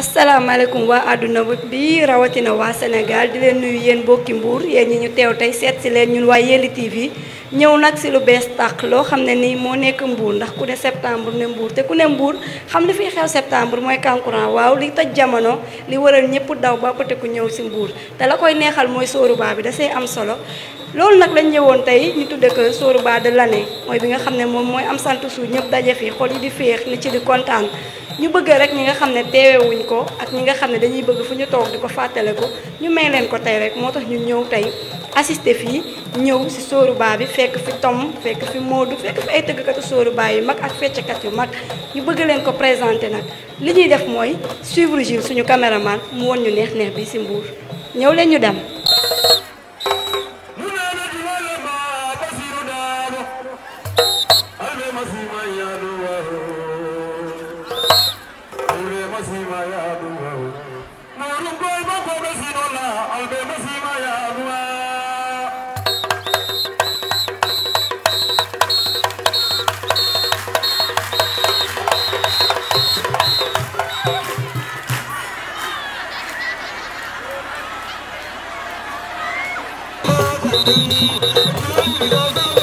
asalaamaaleykum waa àdduna bi rawatina waa Sénégal di leen nuyu yéen mbokki mbuur yéen ñi ñu teew tey seet ci leen ñun waa Yelli TV ñëw nag si lu bees tàq loo xam ne nii moo nekk mbuur ndax ku ne septembre ne mbuur te ku ne mbuur xam li fiy xew septembre mooy kankurang waaw li toj jamono li waral ñëpp daw ba ku ñëw si mbuur te la koy neexal mooy sóoruba bi da see am solo loolu nag lañ ñëwoon tey ñu tudde ko Sorouba de l'année mooy bi nga xam ne moom mooy am sant su ñëpp daje fi xol yi di féex nit ci di kontaan ñu bëgg rek ñi nga xam ne teewewuñ ko ak ñi nga xam ne dañuy bëgg fu ñu toog di ko fàttale ko ñu may leen ko tey rek moo tax ñu ñëw tey assisté fii ñëw si Sorouba bi fekk fi Tom fekk fi Modou fekk fi ay tëggkatu Sorouba yu mag ak fecckat yu mag ñu bëgg leen ko présenté nag li ñuy def mooy suivre Gilles suñu caméraman mu won ñu neex neex bi si Mbour ñëw leen ñu dem Thank you.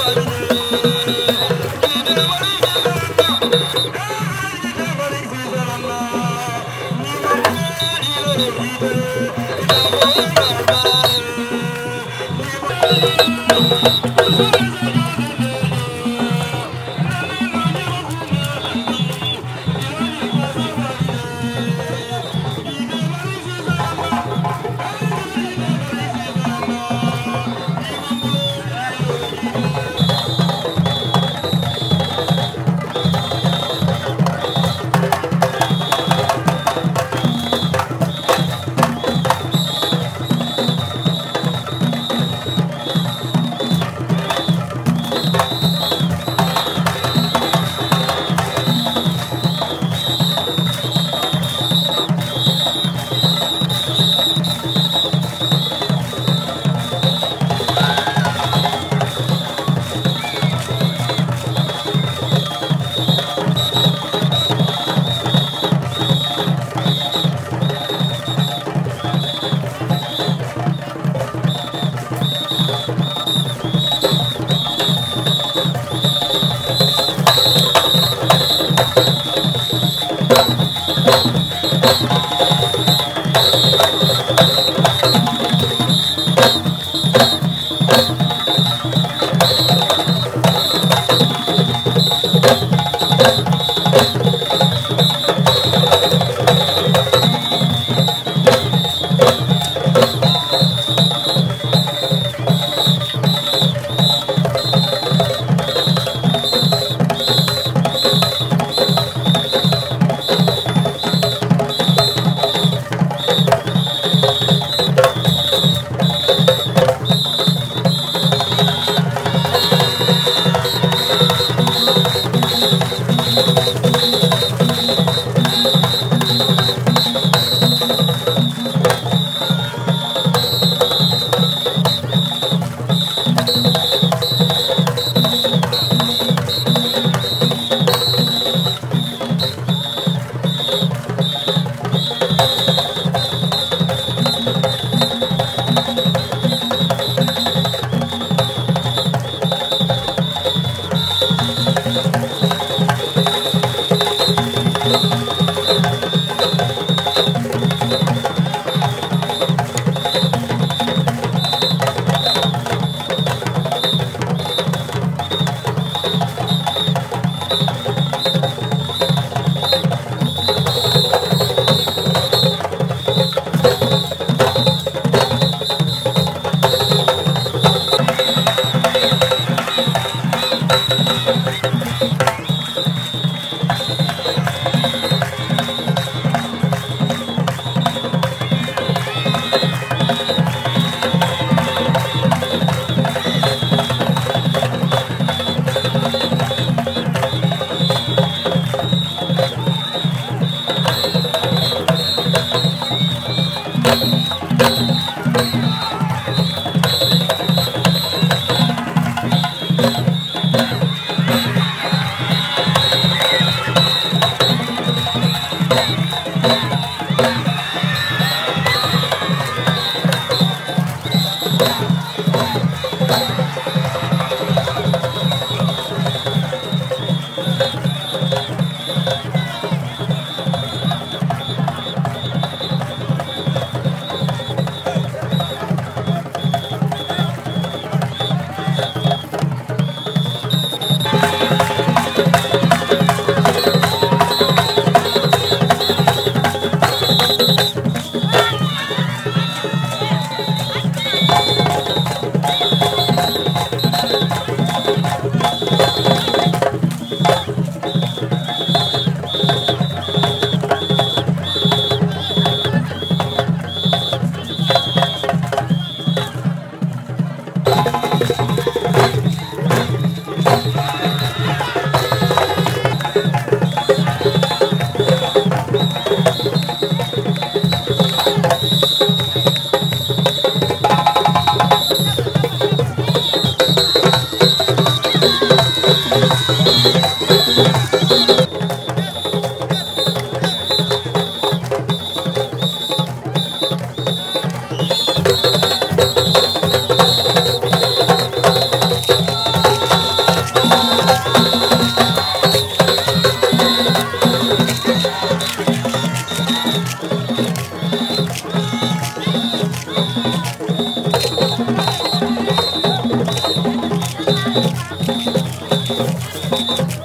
Thank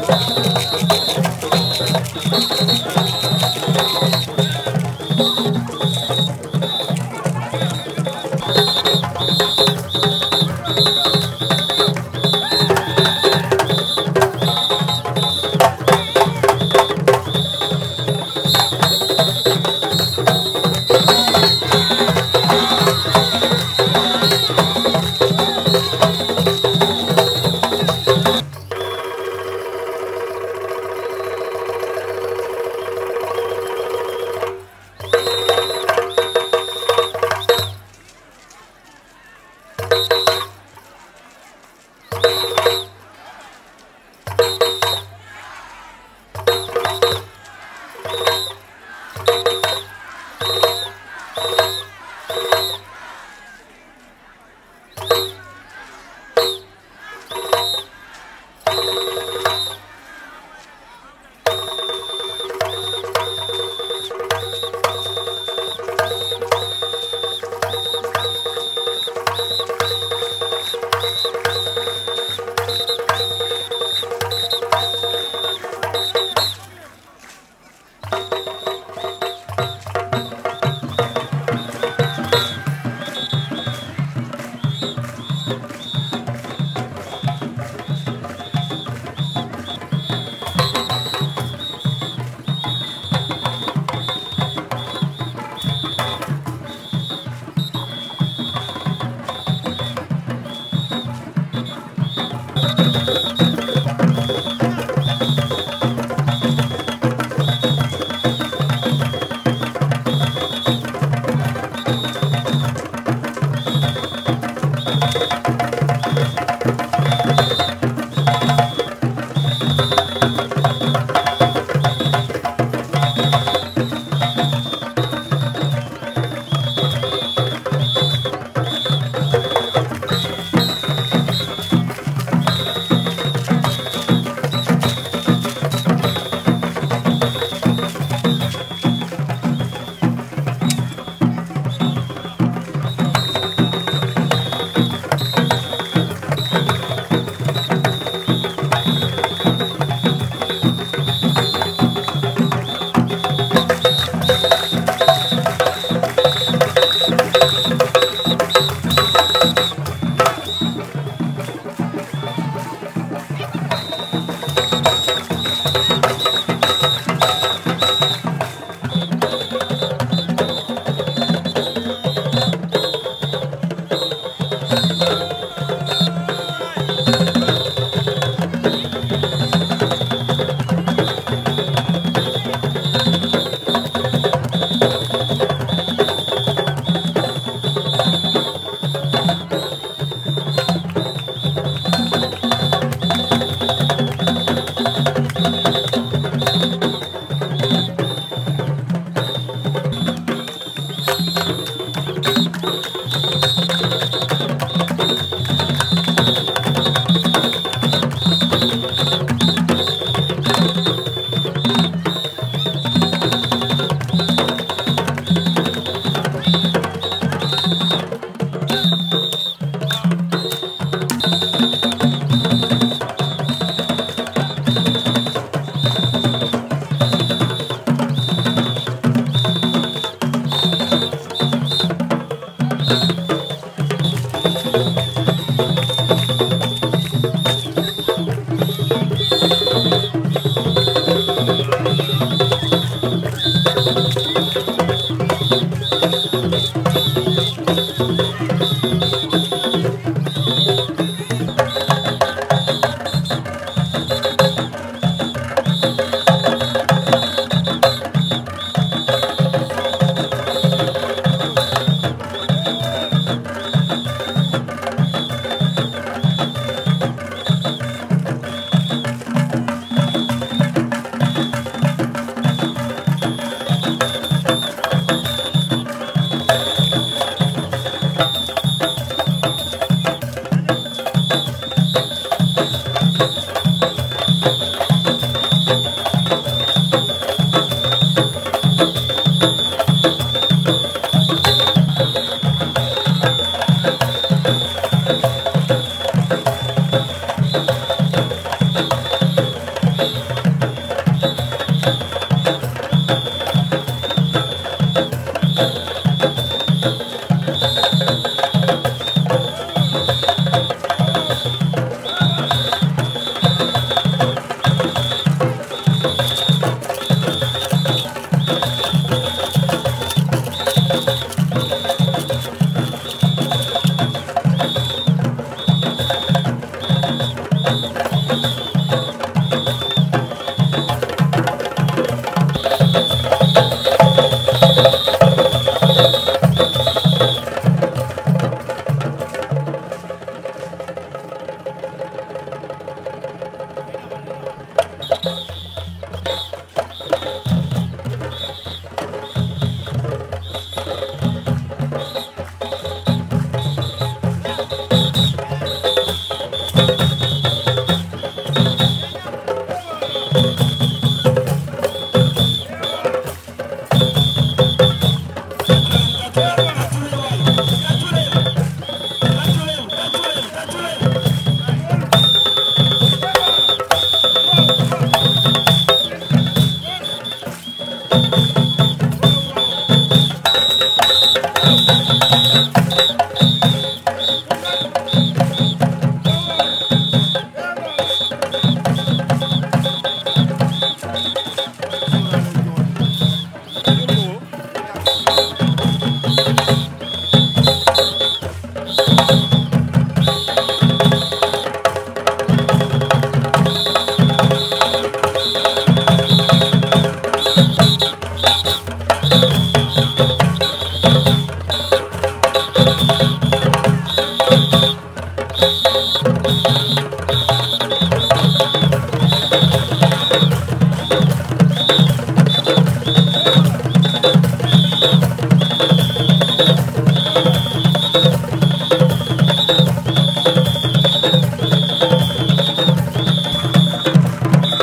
you.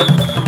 Thank you.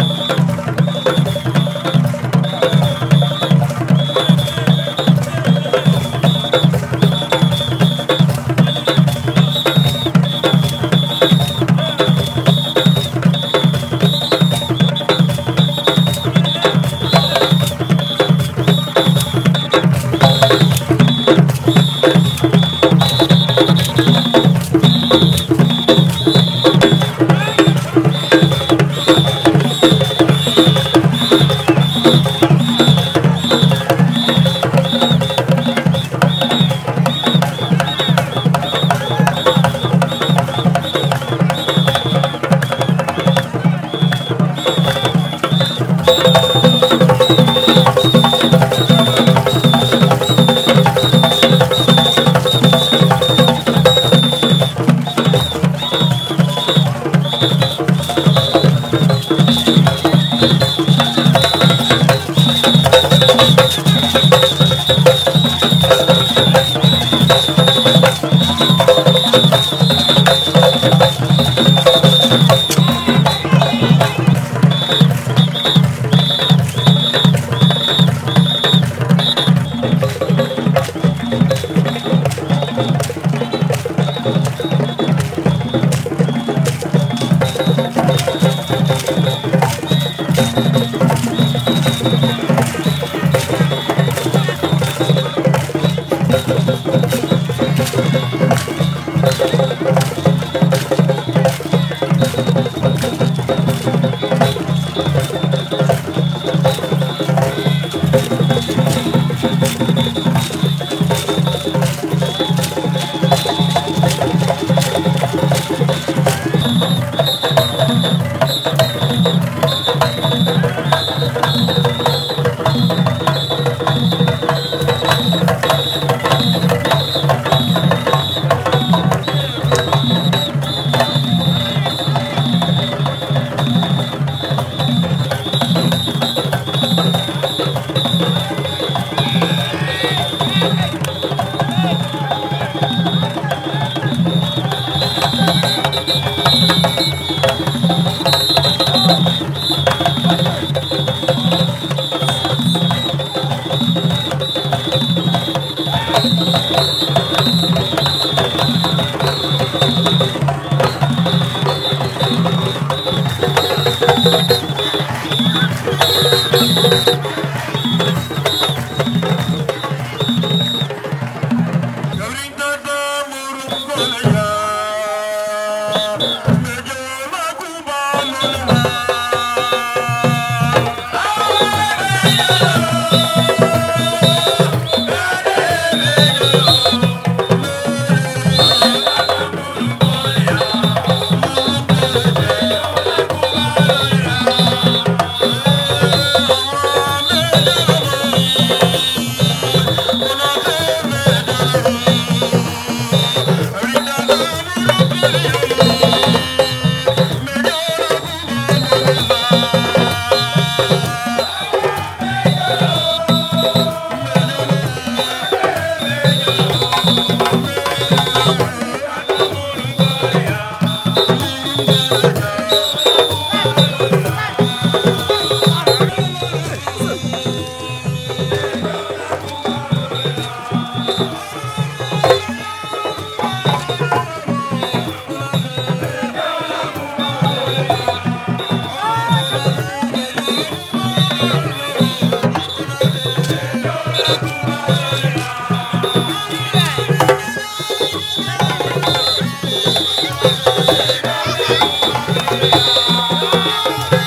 Thank you.